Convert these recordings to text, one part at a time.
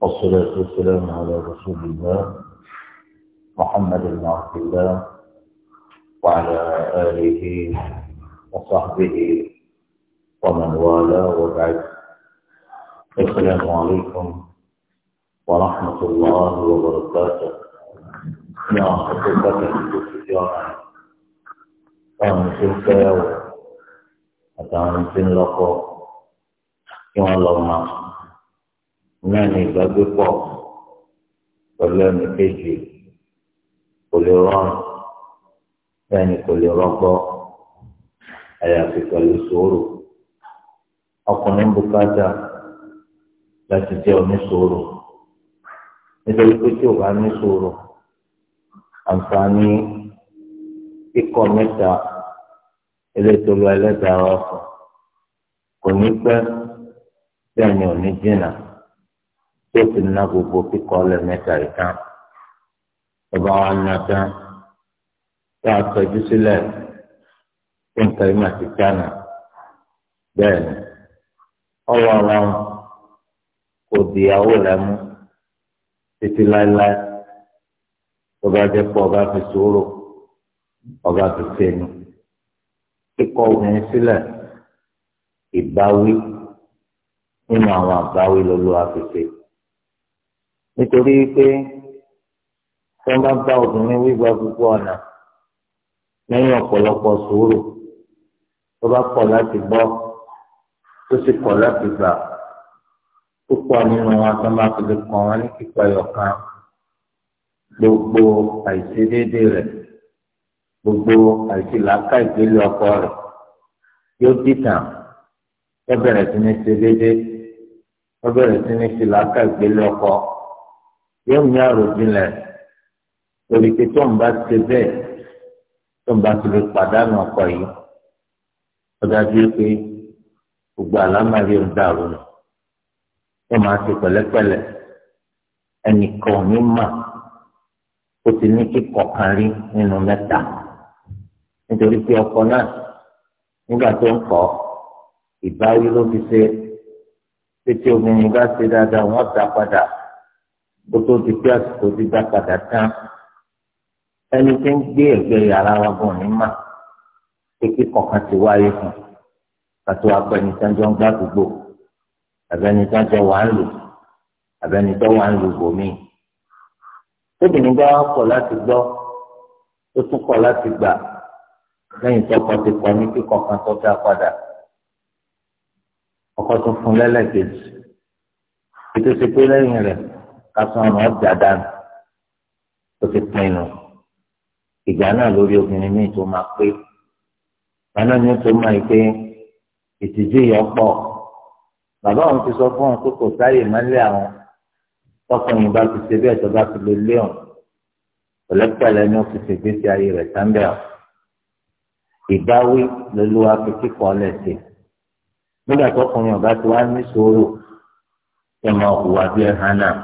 والصلاة والسلام على رسول الله محمد بن عبد الله وعلى آله وصحبه ومن والاه وبعد السلام عليكم ورحمة الله وبركاته يا يا التجارة أنا سلسة أتعلم سنلقى يا الله معكم náà ní ìgbàgbé pọ̀ pẹ̀lú ẹni kejì kò lè rọrùn bẹ́ẹ̀ ni kò lè rọgbọ àyàfi pẹ̀lú sùúrù ọkùnrin bùkátà láti jẹ́ onísùúrù nítorí pé tí o bá ní sùúrù àǹfààní kíkọ mẹ́ta elétò lọ ẹlẹ́dàá ọkọ̀ kò ní pẹ́ bẹ́ẹ̀ ni ò ní jìnnà tó ti ná gbogbo kíkọ́ lẹ̀ mẹ́ta yìí tán ọba wa ná tán tá a tọ́jú sílẹ̀ tó ń tẹ̀lé màá ti dáná bẹ́ẹ̀ ni ọwọ́ ara wọn kò dìyàwó rẹ̀ mú títí láéláé tó bá jẹ́ pé ọba fi sòrò ọba fi sẹ́nu kíkọ́ obìnrin sílẹ̀ ìbáwí nínú àwọn àbáwí lọ́lọ́ àfẹ́fẹ́ nítorí pé tí wọ́n bá bá obìnrin wíwá gbogbo ọ̀nà lẹ́yìn ọ̀pọ̀lọpọ̀ sùúrù tó bá kọ̀ láti gbọ́ tó sì kọ̀ láti gbà púpọ̀ nínú wọn tó máa fi lè kàn wọ́n ní kíkọ ẹ̀yọ̀kan gbogbo àìṣedéédé rẹ̀ gbogbo àìṣelàáká ìgbélé ọkọ rẹ̀ yóò dìtàn ó bẹ̀rẹ̀ sí ní ṣe déédé ó bẹ̀rẹ̀ sí ní ṣelàáká ìgbélé ọkọ yóò ní àròjinlẹ̀ lórí pé tó ń bá ṣe bẹ́ẹ̀ tó ń bá ti lè pàdánù ọkọ yìí ó dájú pé gbogbo àlámàrí ń dàrú nù tó máa ṣe pẹ̀lẹ́pẹ̀lẹ́ ẹnìkan ò ní mà ó ti ní kíkọ̀ kan rí nínú mẹ́ta nítorí pé ọkọ náà nígbà tó ń kọ́ ìbáwí ló fi ṣe pé tí obìnrin bá ṣe dáadáa wọ́n dá padà bó tó ti pé àsìkò ti dá padà tán ẹni tí ń gbé ẹ̀gbẹ́ yàrá wa bọ̀ ní mà pé kíkọ̀ kan ti wáyé fún kàtó apẹni tí wọ́n jọ ń gbá àdúgbò àbẹni tí wọ́n jọ wà ń lò àbẹni tó wà ń lò bòmíì tóbìnrin bá kọ̀ láti gbọ́ tó tún kọ̀ láti gbà lẹ́yìn tó kọ ti kọ ní kíkọ̀ kan tó dá padà ọkọ tó fún lẹ́lẹ́kejì ètò ìsèpé lẹ́yìn rẹ̀ kásán ọ̀nà ọ̀jà dànù ó ti pinnu ìjà náà lórí obìnrin míì tó máa pé ẹnu ni tó máa pé ìtìjú yọ pọ̀ bàbá òun ti sọ fún òun pé kò sáyè máa ń lé àwọn tọkùnrin bá ti ṣe bí ẹ̀tọ́ bá ti lè lé òun pẹ̀lẹ́pẹ̀lẹ́ ni ó fi ṣègbésí ayé rẹ̀ sáńbẹ̀ ọ̀ ìbáwí lolúwa fi kíkọ́ lẹ́sẹ̀ nígbà tọkùnrin ọ̀gá ti wá ní sòrò ẹ̀ máa hùwà bí ẹ̀ hàn náà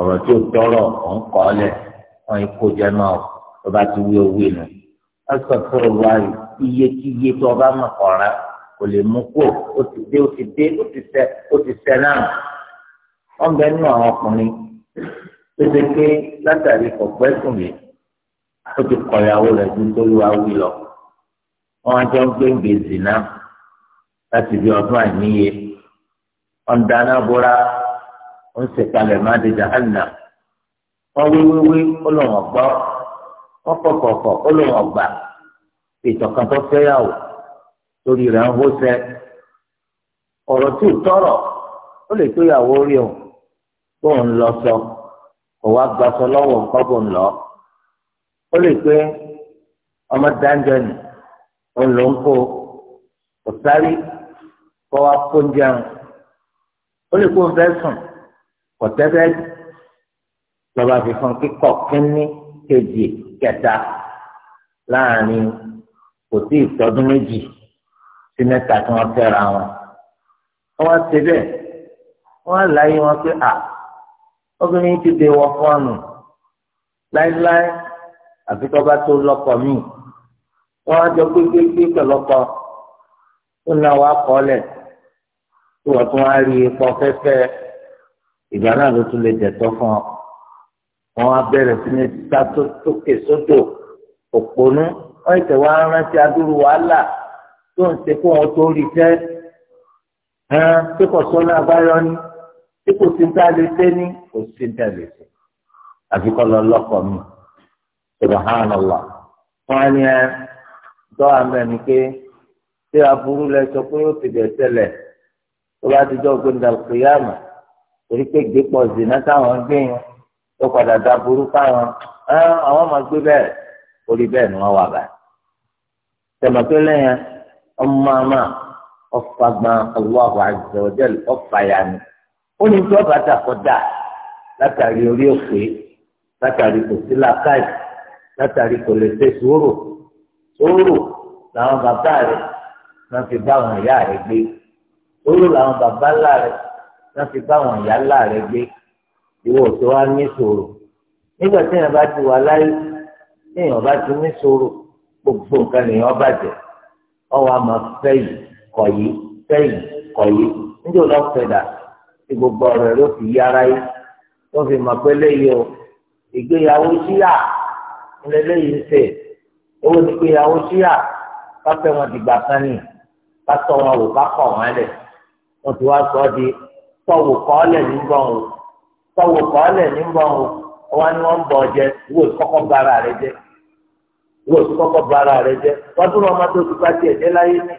ọ̀rọ̀ tí ò tọrọ ò ń kọ́ lẹ̀ wọ́n kó jẹ́ náà tó bá ti wí owó inú. astaghfirullah iye kí iye tó ọba mọ̀ kọ̀ọ̀rá kò lè mú kó ó ti dé ó ti dé ó ti sẹ ó ti sẹ náà. wọ́n bẹ nínú àwọn ọkùnrin pété látàrí kọ̀pẹ́ sùn lè ó ti kọ̀yàwó rẹ̀ ju tó wá wí lọ. wọ́n á jọ ń gbé gbèsè náà láti fi ọdún àìníye. ọ̀n dáná bóra ó ń ṣèpalẹ̀ má di jahanna wọ́n wíwíwí ó lòun ọ̀gbọ́ wọ́n kọ̀kọ̀kọ̀ ó lòun ọ̀gbà ìtọ̀kan tó fẹ́yàwó torí rẹ̀ ń hóṣẹ́ ọ̀rọ̀ tí ò tọrọ ó lè tó ìyàwó rí òun bó ń lọ sọ kò wá gbaṣọ lọ́wọ́ nǹkan bó ń lọ ó lè pé ọmọ dáńjọ ni òun ló ń kó kò sáré kó wá kó ń jẹun ó lè kó ń fẹ́ sùn kọ̀tẹ́fẹ́ lọ́ba fi fún kíkọ́ kínní kejì kẹta láàrin kò sí ìtọ́dún méjì sí mẹ́ta tí wọ́n fẹ́ra wọn. wọ́n ṣe bẹ́ẹ̀ wọ́n láyé wọn pé à obìnrin ti dè wọ fọ́ọ̀nù láéláé àfi tọ́ba tó lọ́kọ míì wọ́n á jọ gbégbégbé pẹ̀lọ́kọ tó náà wá kọ́ lẹ̀ tí wọ́n tún á rí ipò fẹ́fẹ́ ìgbà náà ló tún lè jẹ̀tọ́ fún ọ wọn á bẹ̀rẹ̀ sí ní ta tó tókè sódò òpònú wọn ètò wa rántí adúrú wàhálà tó ń ṣe fún wọn tó rí tẹ́ ẹn tí kò sọ́nà àbáyọ ni tí kò sí níta lè tẹ́ ní kò sí níta lè tẹ́ àfi lọ lọ́kọ̀ mi subhanallah wọn ni ẹ tọ́ àmì ẹni pé tí aburú lẹ sọ pé ó ti bẹ̀ tẹ́lẹ̀ tó bá ti jọ́ gbẹ̀ndàlùkìyàmù torí pé gbépọ̀ zina táwọn ń gbé yẹn tó padà da burú káwọn àwọn máa gbé bẹ́ẹ̀ orí bẹ́ẹ̀ ni wọ́n wà báyìí. tẹ̀mọ̀tẹ́lẹ̀ yẹn ọmọ àmà ọ̀fà gbọ́n Allahu azza wa jal ọ̀fà yà ni ó ní tí ọba dàkọ́dà látàrí orí òkè látàrí kò sí làkàì látàrí kò lè ṣe sùúrù sùúrù làwọn bàbá rẹ̀ náà fi bá àwọn ìyá rẹ̀ gbé sùúrù làwọn bàbá ńlá rẹ̀ wọn ti bá wọn ńlá láàrẹ gbé ìwọ tó wá ní sòrò nígbà tí èèyàn bá ti wà láyé tí èèyàn bá ti ní sòrò gbogbo nǹkan lèèyàn bàjẹ́ ọwọ́ àmọ́ fẹ́ yìí kọ̀ yìí fẹ́ yìí kọ̀ yìí níjẹ́ òun náà tí gbogbo fi yára yìí tó fi léyìí o ìgbéyàwó síyà ńlẹ̀ tọwọ kọọlẹ ní bọ ọ tọwọ kọọlẹ ní wọn ni wọn bọ ọjẹ wò kọ́kọ́ bara rẹ jẹ wò kọkọ bara rẹ jẹ wọn ọmọ tó ti bá tiẹ̀ dé láyé ní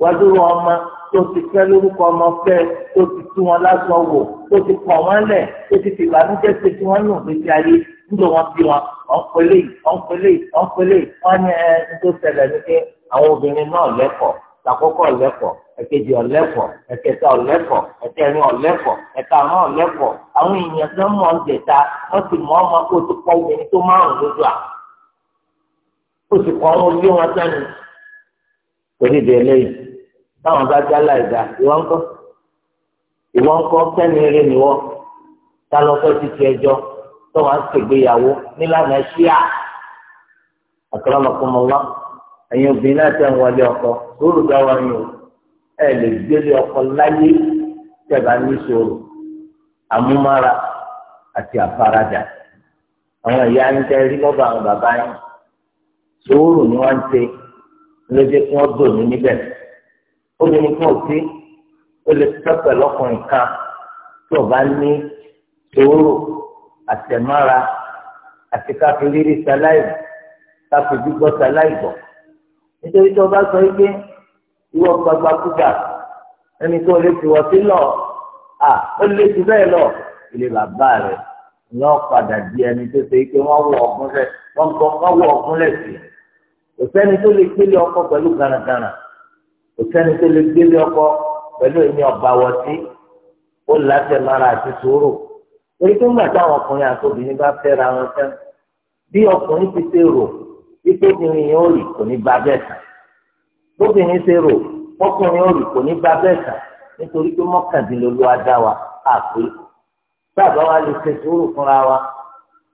wọn ọmọ tó ti fẹ́ lórúkọ ọmọ fẹ́ tó ti tú wọn lásán wò tó ti wọn tó ti fìgbà tí nù ayé wọn wọn ọ̀npẹ̀lẹ̀ ọ̀npẹ̀lẹ̀ ọ̀npẹ̀lẹ̀ wọn ni ẹ ń tó takọkọ ọlẹkọ ẹ̀kejì ọlẹkọ ẹkẹta ọlẹkọ ẹ̀kẹrin ọlẹkọ ẹ̀karùn ọlẹkọ àwọn èèyàn tó mọ ọjẹta wọn ti mọ ọmọ kó tó pọ obìnrin tó márùn lójú à ó sì kọ bí wọn sẹni torí de eléyìí táwọn bá láìda ìwọ ìwọ sẹni eré niwọ tá lọ fẹ títí tó wọn á ṣègbéyàwó nílànà ṣíà ọmọkùnrin wọn. ẹ̀yin obìnrin náà tẹ̀ ń wọlé ọkọ sóòrò bá wọn yìí o ẹ lè gbélé ọkọ láyé tẹ̀bá ní sòrò àmúmára àti àfaradà àwọn ìyá ń tẹ́ rí lọ́ba àwọn bàbá yìí sòrò ni wọ́n ń ṣe ló dé kí wọ́n dòní níbẹ̀ obìnrin kan ò sí ó lè pẹ́pẹ́ lọ́kùnrin kan tí ò ní sòrò àtẹ̀mára àti káfíńrírì sáláì káfíńdúgbọ́ sáláì bọ̀ nítorí tó bá sọ pé ìwọ gbagbakúgbà ẹni tó lè fi wọ́n sí lọ à ó lè fi bẹ́ẹ̀ lọ ilé bàbá rẹ̀ lọ padà di ẹni tó ṣe pé wọ́n wọ ọ̀gùn rẹ̀ wọ́n gbọ́ wọ́n wọ ọ̀gùn rẹ̀ sí kò sẹ́ni tó lè gbélé ọkọ pẹ̀lú garagara kò sẹ́ni tó lè gbélé ọkọ pẹ̀lú ẹni ọba wọtí ó láti mara àti sòrò torí pé ńgbà táwọn ọkùnrin àti obìnrin bá fẹ́ra wọn tán bí ọkùnrin ti ṣe rò wípé obìnrin yẹn ò kò ní gba bẹ́ẹ̀ sàn bóbìnrin ṣe rò ọkùnrin ò rí kò ní bá bẹ́ẹ̀ sàn nítorí pé mọ́kàndínlógún adá àpè bàbá wa lè ṣe sùúrù fúnra wa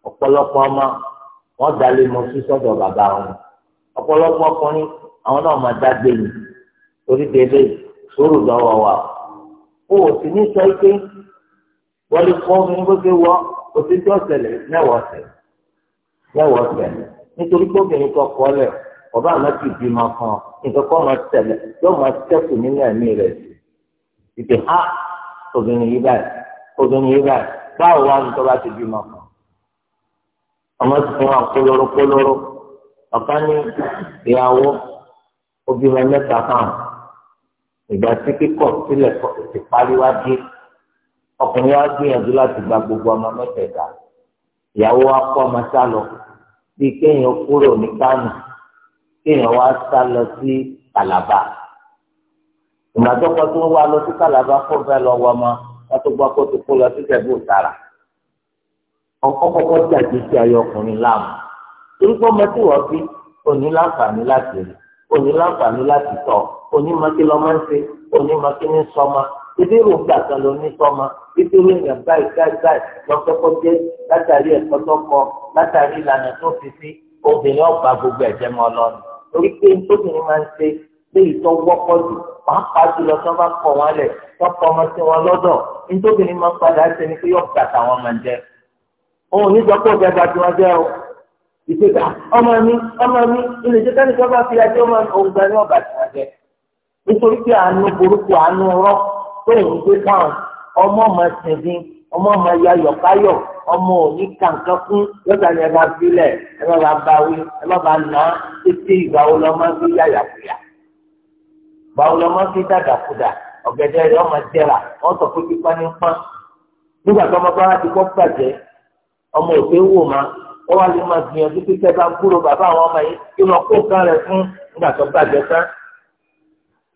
ọ̀pọ̀lọpọ̀ ọmọ wọn dalé mọ sí sọ́dọ̀ bàbá wọn ọ̀pọ̀lọpọ̀ ọkùnrin àwọn náà máa dágbé torí sùúrù lọ́wọ́ wa o ò sì ní sọ pé nítorí pé obìnrin kan kọ́ lẹ̀ ọba àmọ́ ti bí ma fún ọ nǹkan kọ́ máa tẹ̀lé yóò máa tẹ̀kù nínú ẹ̀mí rẹ̀ ìpè ha obìnrin yìí báyìí obìnrin yìí báyìí báwo wá ní tọ́ba ti bí ma fún ọmọ ti fún wa kólóró kólóró ọ̀ká ní ìyàwó obìnrin mẹ́ta fáwọn ìgbà tí kíkọ̀ sílẹ̀ ti parí wá dé ọkùnrin wa gbìyànjú láti gba gbogbo ọmọ mẹ́tẹ̀ẹ̀ta ìyàwó wa kọ́ ọmọ sá bíi kéèyàn kúrò ní Kánò kéèyàn wá sá lọ sí Kàlàbà ìgbàdọ́kọ tó wá lọ sí Kàlàbà kó fẹ́ lọ wọ ọmọ wọn tó gbọ́ kó ti kó lọ sí Jẹ̀bú Òtàrà ọkọ̀kọ́kọ́ jàdí sí ayé ọkùnrin láàmú torí pé ọmọ tí wọ́n bí òní láǹfààní láti rí òní láǹfààní láti tọ̀ òní mọ́kí lọ́mọ́ ń ṣe òní mọ́kí ní sọ́mọ́ ìdíwò gbàgbà ló ní sọmọ ìdíwò èèyàn báyìí báyìí báyìí lọ́sọ́kọ́ jẹ́ látàrí ẹ̀kọ́ tó kọ látàrí ìlànà tó fi sí obìnrin ọ̀gbà gbogbo ẹ̀jẹ̀ mọ́ lọ́nà torí pé obìnrin máa ń ṣe pé ìtọ́ wọ́pọ̀ jù pàápàá jùlọ tó bá kọ̀ wọ́n lẹ̀ tó kọ́ ọmọ sí wọn lọ́dọ̀ nítòbìnrin máa ń padà ṣe ni pé yóò gbà táwọn máa ń jẹ òun ní sọpọ̀ ìjọba tí wọ́n jẹ́ o ìgbéga ah, ọmọ mi ọmọ mi ilé ìjọba nìkan bá fi ajé ọmọ òun gbà ní ọ̀gbà tí wọ́n jẹ nítorí pé àánú burúkú àánú rọ́ọ̀ tó ń gbé ọmọ ọmọ ṣẹ̀dín ọmọ ọmọ yayọ̀ káyọ̀ ọmọ òní kàǹkà fún lọ́sàn ni ẹ bá filẹ̀ ẹ bá bá báwí ẹ bá bá nà á títí ìgbà wo lọ́ máa ń ìgbà wo ọ̀gẹ̀dẹ̀ ọmọ wọ́n sọ pé pípa ní pọ́n nígbà tó ọmọ ti kọ́ bàjẹ́ ọmọ wò má wọ́n wá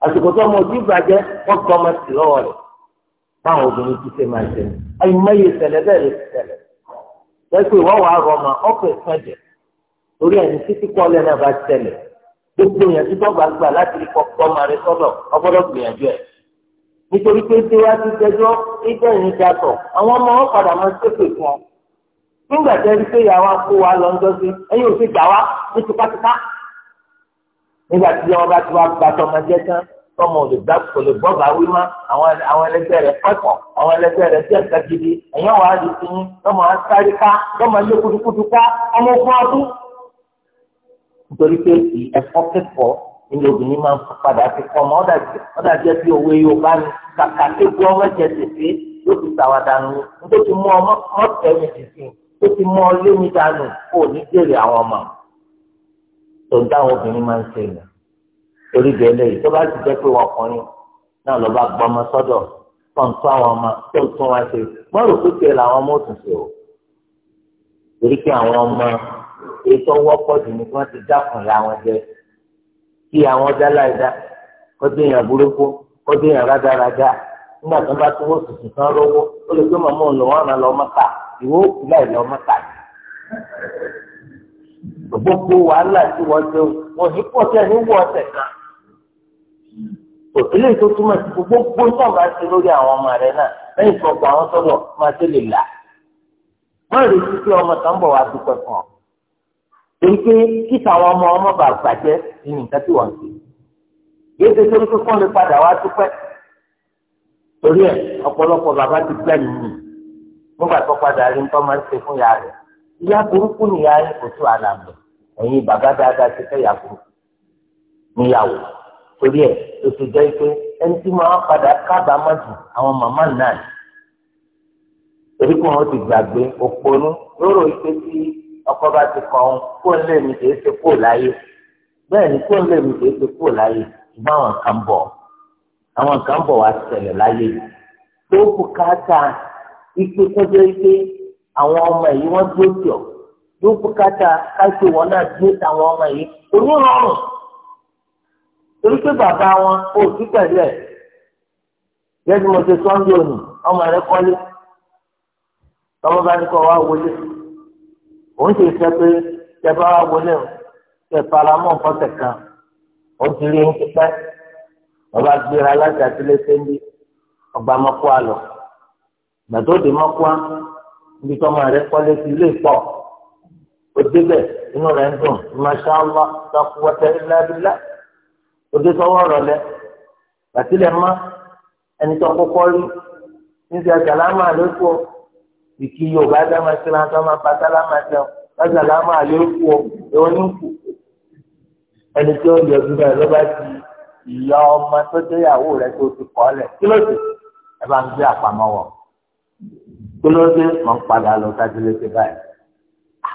àsìkò tó ọmọ òtí ìbàjẹ́ wọ́n gbọ́ ọmọ sí lọ́wọ́ rẹ̀ báwọn obìnrin ti ṣe máa ṣe àìmọye ìṣẹ̀lẹ̀ bẹ́ẹ̀ lè ti ṣẹlẹ̀ lẹ́sìn ìwọ́ wàá rọ ọmọ ọkọ̀ ìsọ̀jẹ̀ torí ẹni títí kọ́ lẹ́ náà bá ṣẹlẹ̀ gbogbo yẹn tí bọ́ọ̀bà gbà láti rí kọ́kọ́ máa rẹ sọ́dọ̀ ọgbọ́dọ̀ gbìyànjú ẹ̀ nítorí pé tí wàá ti jẹjọ́ ìgbẹ̀yìn jatọ̀ àwọn ọmọ wọn padà máa ṣépè fún ọ nígbà tẹ́ rí pé ìyàwó akó wa lọ ń jọ́sí ẹ̀yìn òfin nígbà tí wọn bá ti wá gba tọmọdé tán tọmọ ò lè gbà kò lè gbọ́ bá wí mọ́ àwọn ẹlẹgbẹ́ rẹ pẹ́pọ̀ àwọn ẹlẹgbẹ́ rẹ jẹ́ nǹkan gidi ẹ̀yàn wàá di sí yín tọmọ á sáré ká tọmọ ilé kutukutu ká ọmọ fún ọdún. nítorí pé ẹ̀fọ́ kẹ́kọ̀ọ́ ilé obìnrin máa ń padà fi kọ́ ọmọ ọ̀dà jẹ́ bí owó yóò bá ní kàkà kéku ọmọ jẹ tètè yóò fi sàwádànù nítorí mú ọmọ mọ́tẹ́mi tètè tó ti mú ọ lé mi dànù kó o ní jèrè àwọn tó ń obìnrin máa ń ṣe ìyàn torí bẹ́ẹ̀ yìí tó bá ti jẹ́ pé wọn ọkùnrin náà lọ bá gbọmọ sọ́dọ̀ tó ń tún àwọn ọmọ tó ń tún wọn ṣe wọ́n tiẹ̀ làwọn ọmọ òtún ṣe o torí pé àwọn ọmọ ètò wọ́pọ̀ jù ní kí wọ́n ti dákun ìyá wọn jẹ kí àwọn dáláìdá kọjú èèyàn burúkú kọjú èèyàn rádaràdá nígbà tó bá tún wọ́n tuntun tán lọ́wọ́ ó lè pé màmá òun lòun àná lọ́ọ́ mọ́ta ìwé òkú láì lọ́ọ́ mọ́ta ni gbogbo wàhálà tí wọ́n ṣe wọ́n ní pọ̀tẹ́ ní wọ́ ọ̀sẹ̀ kan. òtún lè tó túmọ̀ sí gbogbo tó bá ṣe lórí àwọn ọmọ rẹ náà lẹ́yìn tó gba àwọn sọ́dọ̀ máa ṣe lè là. wọ́n rí sí ọmọ kan bọ̀ wá dúpẹ́ fún ọ. èyí pé kí táwọn ọmọ ọmọ bá gbàjẹ́ ní nǹkan tí wọ́n ṣe. yéé ṣe torí pé kán lè padà wá dúpẹ́. torí ẹ̀ ọ̀pọ̀lọpọ̀ bàbá ti gbẹ́ nìyí nígbà ẹ̀yin bàbá dáadáa ti fẹ́ yàgò níyàwó torí ẹ̀ tó ti jẹ́ pé ẹni tí máa padà kábàámọ̀ jù àwọn màmá náà torí kí wọ́n ti gbàgbé òpònú lóró ike tí ọkọ bá ti kọ ohun kó ń lé mi kìí ṣe kó láyé bẹ́ẹ̀ ni kó ń lé mi kìí ṣe kó láyé ṣùgbọ́n àwọn kan bọ̀ àwọn kan bọ̀ wá ṣẹlẹ̀ láyé tó bùkátà ikú tó jẹ́ pé àwọn ọmọ yìí wọ́n dúró tì ọ́. yóò bùkátà káṣí wọn náà dúró táwọn ọmọ yìí onírọ̀rùn torí pé bàbá wọn ò sí pẹ̀lú ẹ̀ mo ṣe òní ọmọ rẹ bá ní wá wọlé òun ṣe pé wá wọlé o tẹ́ faramọ́ fọ́tẹ̀ kan ó ti rí ní gbéra láti rẹ ilé òdebẹ inú rẹ ń dùn mashallah takuwata ilabila òdetọwọ rọlẹ bàtílẹ má ẹni tó kọ́kọ́ rí níbi àgàlámà ló kú ọ ìkí yorùbá dáná sí lantọ máa pátá lámà jẹ ọ àgàlámà ló kú ọ èwo ní kú ẹni tó yọ bíbẹ ló bá ti ìyá ọmọ tó déyàwó rẹ tó ti kọ́ lẹ̀ kí ẹ bá ń gbé àpamọ́ wọ̀ kí ló ń padà lọ sájú létí báyìí.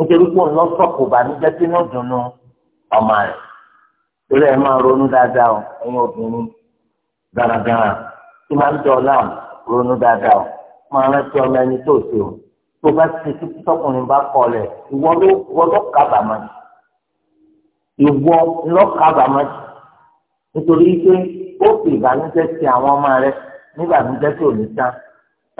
nítorí pé òun lọ sọ̀kò bànújẹ́ sínú ìdùnnú ọmọ rẹ̀ torí ẹ máa ronú dáadáa o ẹ̀yin obìnrin dáradára tí máa ń dọ̀ láàmú ronú dáadáa o máa rántí ọmọ ẹni tó ṣe o tó bá ti ti tọkùnrin bá kọlẹ̀ ìwọ ló ìwọ ló kábàámọ̀ ìwọ ló kábàámọ̀ nítorí pé ó fi ìbànújẹ́ ti àwọn ọmọ rẹ̀ nígbà tó jẹ́ tó ní tán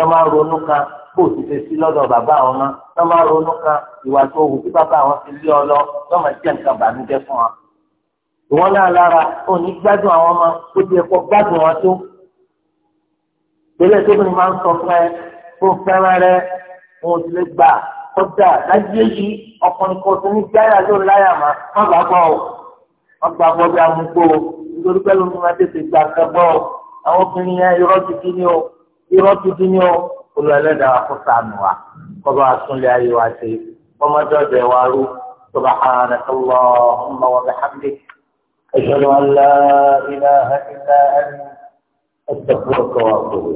ẹ máa ronú kan bó ti ṣe sí lọ́dọ̀ bàbá àwọn ọmọ tó máa ronú kan ìwà tó hù tí bàbá àwọn ti lé ọ lọ tó máa jẹ́ nǹkan bànújẹ́ fún wa. ìwọ náà lára ò ní gbádùn àwọn ọmọ ó ti ẹ̀kọ́ gbádùn wọn tó. ìpínlẹ̀ tó ní máa ń sọ fún ẹ fún fẹ́ràn rẹ òun ti lè gbà kọjá láyé yìí ọkùnrin kan tó ní gbáyà ló láyà má má bàá gbọ́ ọ. wọ́n gbà bọ́ bí amúgbó nítorí pẹ́lú ní wọ́n tètè gbà kẹ́ bọ́ àwọn obìnrin yẹn irọ́ ti dín ní o irọ́ ti dín ní o olùwàlẹ́dàá kó sànù wa kọ́ba àtúnlé ayé wa ṣe ọmọdọ́dọ̀ wa rú سبحانك اللهم وبحمدك أشهد أن لا إله إلا أنت أستغفرك وأتوب